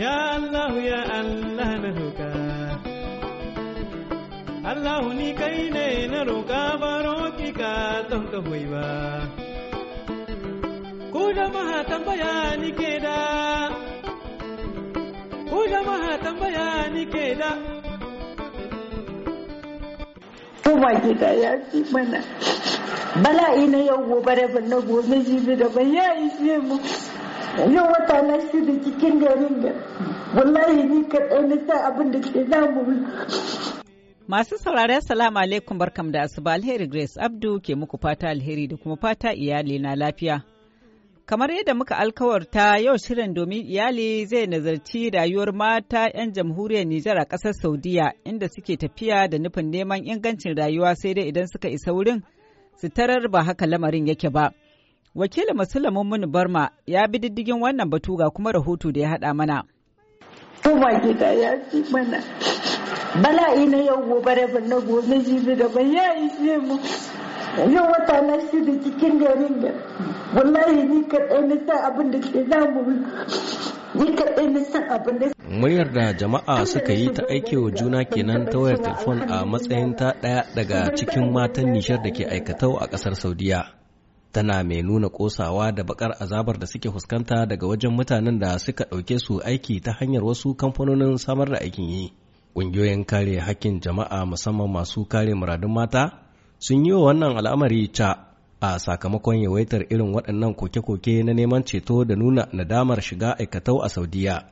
Ya Allah ya Allah na roƙa Allah ni kai ne na roƙa baro ki ka don ka hoyi ba Ku tambaya ni da tambaya ni Ko ya mana bala'i na yau gobe da na gobe jibi da ban ya ishe mu yau wata na shirin cikin garin da wallahi ni ka abin da ke Masu saurare salamu alaikum barkam da asuba alheri Grace Abdu ke muku fata alheri da kuma fata iyali na lafiya. Kamar yadda muka alkawarta yau shirin domin iyali zai nazarci rayuwar mata 'yan jamhuriyar Nijar a ƙasar Saudiya inda suke tafiya da nufin neman ingancin rayuwa sai dai idan suka isa wurin su tarar ba haka lamarin yake ba. Wakilin Musulman Muni Barma ya bi diddigin wannan batu ga kuma rahoto da ya haɗa mana. Kuma gida ya ci mana bala'i na yau gobe rabin na gobe jibi ban ya yi ce mu. Yau wata na shida cikin garin da wallahi ni kaɗai na san abin da ke zamu ni kaɗai na san abin da muryar da jama'a suka yi ta aikewa juna kenan ta wayar telefon a matsayin ta ɗaya daga cikin matan nishar da ke aikatau a ƙasar saudiya tana mai nuna ƙosawa da bakar azabar da suke fuskanta daga wajen mutanen da suka ɗauke su aiki ta hanyar wasu kamfanonin samar da aikin yi ƙungiyoyin kare hakkin jama'a musamman masu kare muradun mata sun yi wa wannan al'amari ca a sakamakon yawaitar irin waɗannan koke-koke na neman ceto da nuna nadamar shiga aikatau a saudiya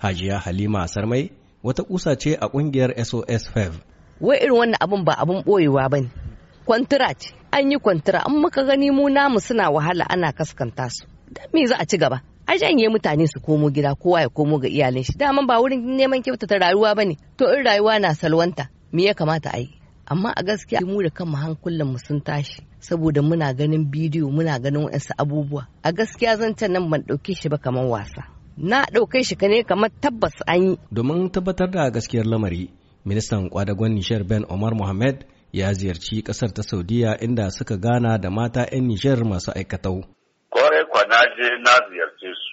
hajiya halima sarmai wata ƙusa ce a ƙungiyar sos 5 e wai irin wannan abun ba abin ɓoyewa ba ne kwantira an yi kwantira an muka gani mu namu suna wahala ana kaskanta su dan me za a ci gaba a janye mutane su komo gida kowa ya komo ga iyalin shi daman ba wurin neman kyautata rayuwa bane to in rayuwa na salwanta me ya kamata a yi amma a gaskiya mu da kanmu hankulan mu sun tashi saboda muna ganin bidiyo muna ganin wasu abubuwa a gaskiya zancen nan ban ɗauke shi ba kamar wasa na ɗauke shi ka ne kamar tabbas an yi domin tabbatar da gaskiyar lamari ministan kwadagon nishar ben omar mohamed ya ziyarci kasar ta Saudiya inda suka gana da mata 'yan Nijar masu aikatau. Kwarai kwana je na ziyarce su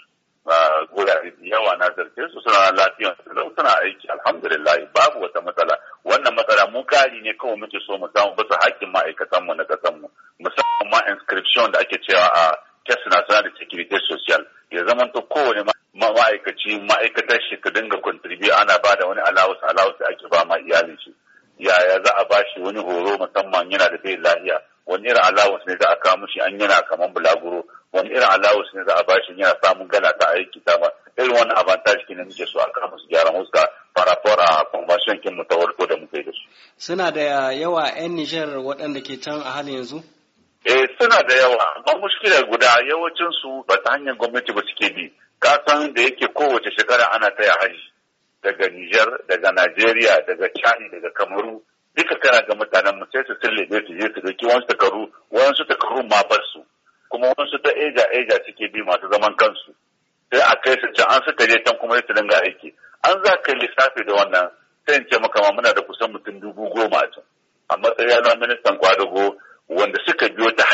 a gurare da yawa na ziyarce su suna lafiya su suna aiki alhamdulillah babu wata matsala wannan matsala mu kari ne kawai muke so mu samu basu hakkin ma'aikatan mu na kasar mu musamman ma inscription da ake cewa a test national da security social ya zamanta kowane ma'aikaci ma'aikatar shi ka dinga contribute ana ba da wani allowance allowance da ake ba ma iyalin shi yaya za a bashi wani horo musamman yana da bai lahiya wani irin allowance ne za a kawo an yana kaman bulaguro wani irin allowance ne za a bashi yana samun gana ta aiki ta ba irin wani advantage kine muke so a kawo musu gyaran huska fara a convention kin mu ta da muke da su suna da yawa yan Niger waɗanda ke can a halin yanzu eh suna da yawa amma mushkilar guda yawancin su ba ta hanyar gwamnati ba suke bi ka san da yake kowace shekara ana taya haji daga Nijar, daga Najeriya, daga Chani, daga Kamaru, duka kana ga mutanen mu sai su sillebe su je su doki wasu takaru, wasu takaru ma bar su, kuma wasu ta eja eja suke bi masu zaman kansu. Sai a kai su can an suka je can kuma su dinga aiki. An za ka lissafi da wannan sai in ce maka ma muna da kusan mutum dubu goma a can. A matsayin na ministan kwadago wanda suka biyo ta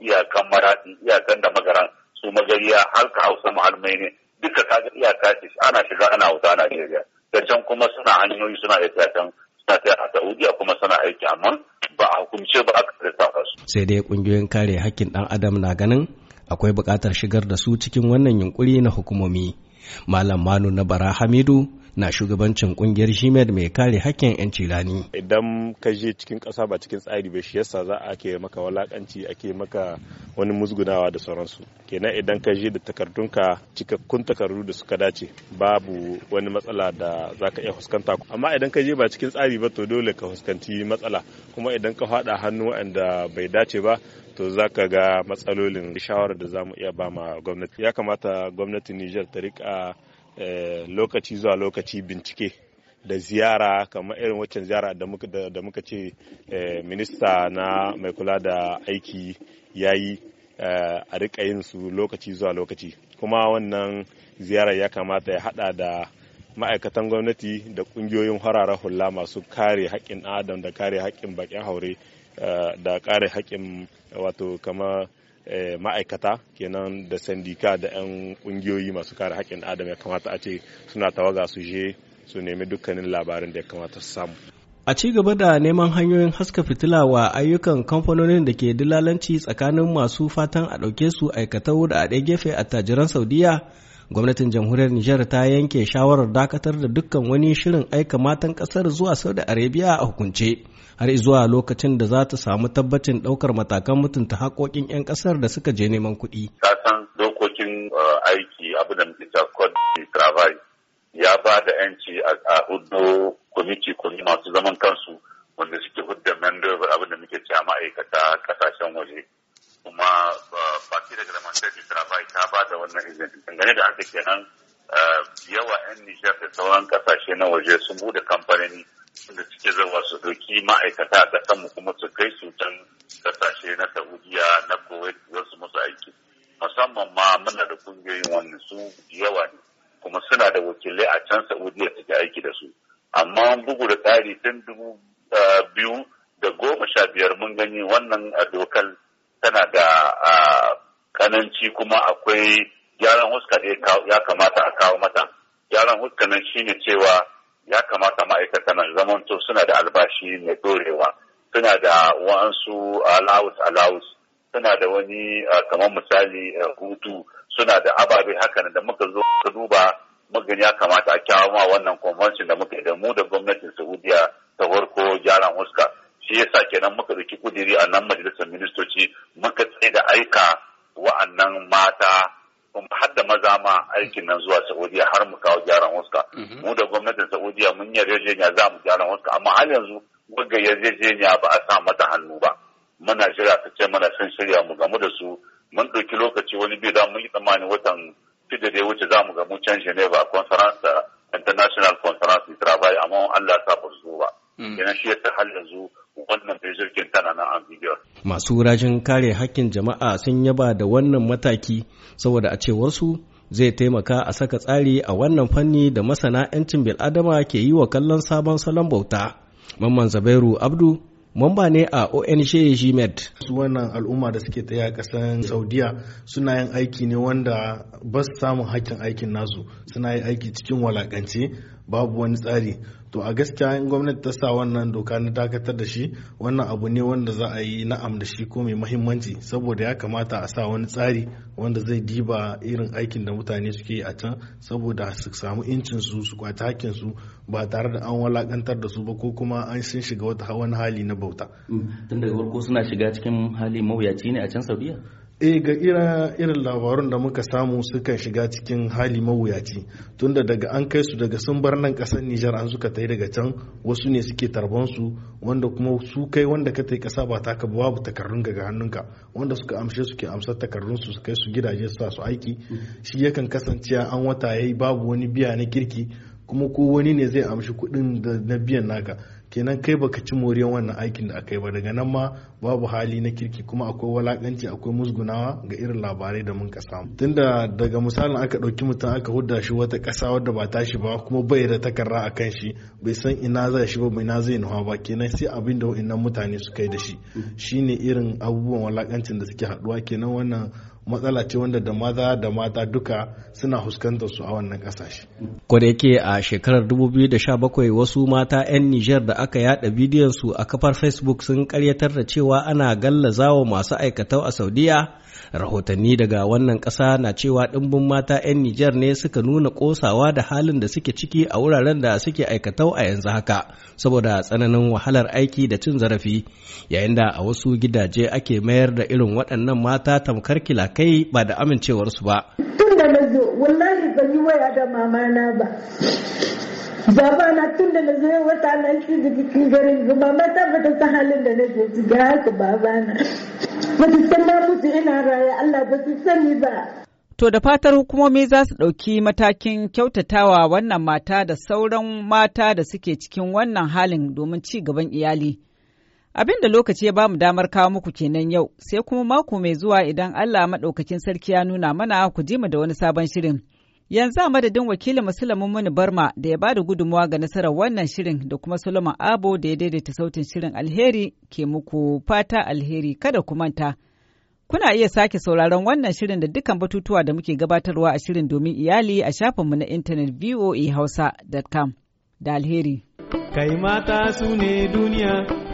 iyakan maraɗi iyakan da magaran su magariya har ka hausa mahalmai ne duka kaga iyaka ce ana shiga ana wuta ana Najeriya da can kuma suna hanyoyi suna da can suna ta a Saudiya kuma suna aiki amma ba a hukunce ba aka lissafa su sai dai kungiyoyin kare hakkin ɗan adam na ganin akwai buƙatar shigar da su cikin wannan yunkuri na hukumomi malam Manu na Bara Hamidu na shugabancin kungiyar shimed mai kare hakkin 'yanci rani idan ka je cikin ƙasa ba cikin tsari ba shi yasa za a ke maka walakanci ake maka wani musgunawa da sauransu kenan idan ka je da takardunka cikakkun takardu da suka dace babu wani matsala da za ka iya fuskanta amma idan ka je ba cikin tsari ba to dole ka fuskanci matsala kuma idan ka faɗa hannu wanda bai dace ba to za ka ga matsalolin shawarar da za mu iya ba ma gwamnati ya kamata gwamnatin niger ta rika Eh, lokaci zuwa lokaci bincike da ziyara kamar irin waccan ziyara da muka ce eh, minista na mai kula da aiki ya yi eh, a rika yin su lokaci zuwa lokaci kuma wannan ziyara ya kamata ya hada da ma'aikatan gwamnati da ƙungiyoyin harara hula masu kare haƙƙin adam da kare haƙƙin baƙin haure da kare haƙƙin wato kama Eh, ma'aikata kenan da sandika da 'yan kungiyoyi masu kare haƙƙin adam ya kamata a ce suna tawaga su je su nemi dukkanin labarin da ya kamata su samu a ci gaba da neman hanyoyin haska fitila wa ayyukan kamfanonin da ke dilalanci tsakanin masu fatan a ɗauke su aikatau da a ɗaya gefe attajiran saudiya gwamnatin jamhuriyar Nijar ta yanke shawarar dakatar da dukkan wani shirin aika matan kasar zuwa Saudi Arabia a hukunce har zuwa lokacin da za ta samu tabbacin daukar matakan mutunta haƙoƙin 'yan kasar da suka je neman kuɗi. Kasan dokokin uh, aiki abu da muke code travail ya ba da 'yanci a hudu kwamiti kwamiti masu zaman kansu wanda suke hudda mendover abu da muke cewa ma'aikata kasashen waje kuma ce daga Demonstrative Travail ta ba da wannan izini dangane da haka nan, eh, yawa 'yan Nijar da sauran kasashe na waje sun bude kamfanoni da suke zuwa su doki ma'aikata a ƙasar mu kuma su kai su can kasashe na Saudiya na Kuwait wasu musu aiki musamman ma muna da kungiyoyin wannan su yawa ne kuma suna da wakilai a can Saudiya suke aiki da su amma bugu da tsari tun dubu eh, biyu da goma sha biyar mun gani wannan dokar tana da eh, kananci kuma akwai gyaran huska da ya kamata a kawo mata gyaran huska nan shine cewa ya kamata ma'aikatan nan zamanto suna da albashi mai dorewa suna da wa'ansu allowance allowance suna da wani kamar misali hutu suna da ababe hakan da muka zo ka duba magani ya kamata a kyawo ma wannan convention da muka da mu da gwamnatin saudiya ta farko gyaran huska shi yasa kenan muka ɗauki kudiri a nan majalisar ministoci muka tsaye da aika wa'annan mata har da maza ma aikin nan zuwa Saudiya har mu kawo gyaran huska. Mhm. Mu da gwamnatin Saudiya mun yarjejeniya za mu gyaran huska amma har yanzu wagga yarjejeniya ba a sa mata hannu ba. Muna jira ta ce mana sun shirya mu gamu da su mun ɗauki lokaci wani biyu da mu yi tsammani watan fidda da ya wuce za mu gamu can Geneva conference uh, international conference travail amma Allah sa ba su zo ba. Mm. Kenan shi yasa har yanzu wannan jirgin tana na Masu rajin kare hakkin jama'a sun yaba da wannan mataki saboda a cewarsu zai taimaka a saka tsari a wannan fanni da masana 'yancin bil'adama ke yi wa kallon sabon salon bauta. Mamman Zabairu Abdu mamba ne a ONG GMED. Su wannan al'umma da suke tsaye a ƙasar Saudiya suna yin aiki ne wanda ba su samun hakkin aikin nasu suna yin aiki cikin walakance babu wani tsari. to a gaskiya in gwamnati ta sa wannan doka na dakatar da shi wannan abu ne wanda za a yi na'am da shi ko mai mahimmanci saboda ya kamata a sa wani tsari wanda zai diba irin aikin da mutane suke yi a can saboda su samu incin su su kwaci hakkin su ba tare da an walakantar da su ba ko kuma an sun shiga wata wani hali na bauta mm. tun daga farko suna shiga cikin hali mawuyaci ne a can saudiya eh ga irin labarun da muka samu sukan shiga cikin hali mawuyaci tunda daga an kai su daga sun bar nan kasar Nijar an suka tai daga can wasu ne suke tarban su wanda kuma su kai wanda ka tai kasa ba taka babu takarrun ga hannunka wanda suka amshe suke amsar takarrun su kai su gidaje su sa su aiki shi yakan kasance an wata yayi babu wani biya na kirki kuma ko wani ne zai amshi kuɗin da na biyan naka kenan kai baka ci moriyar wannan aikin da aka yi ba daga nan ma babu hali na kirki kuma akwai walakanci akwai musgunawa ga irin labarai da mun ka samu tunda daga misalin aka ɗauki mutum aka hudda shi wata kasa wadda ba tashi ba kuma bai da takarra a kan shi bai san ina zai shi ba bai na zai nuha ba kenan sai abin da wa'annan mutane suka yi da shi mm. shine irin abubuwan walakancin da suke haɗuwa kenan wannan matsala ce wanda da maza da mata duka suna huskantar su a wannan kasashe. Kwada yake a shekarar 2017 wasu mata 'yan Nijar da aka yada bidiyonsu a kafar Facebook sun karyatar da cewa ana gallazawa masu aikatau a Saudiya. Rahotanni daga wannan ƙasa na cewa ɗimbin mata 'yan Nijar ne suka nuna ƙosawa da halin da suke ciki a wuraren da suke aikatau a yanzu haka saboda tsananin wahalar aiki da cin zarafi yayin da a wasu gidaje ake mayar da irin waɗannan mata tamkar kila kai ba da amincewarsu ba. Tun da na zo, wallahi ban yi waya da mamana ba. Baba na tun da na zo wata na shi da cikin garin ga mama ta bata san halin da na ke ci ga haka baba na. Ba su san na mutu ina raya Allah ba su sani ba. To da fatar hukumomi za su ɗauki matakin kyautatawa wannan mata da sauran mata da suke cikin wannan halin domin ci gaban iyali. Abin da lokaci ya bamu damar kawo muku kenan yau, sai kuma mako mai zuwa idan Allah maɗaukakin sarki ya nuna mana ku ji mu da wani sabon shirin. Yanzu a madadin wakilin musulmin Muni Barma da ya bada gudummawa ga nasarar wannan shirin da kuma Suleiman Abo da ya daidaita sautin shirin alheri ke muku fata alheri kada ku manta. Kuna iya sake sauraron wannan shirin da dukkan batutuwa da muke gabatarwa a shirin domin iyali a shafinmu na intanet voahausa.com da alheri. Kai mata su ne duniya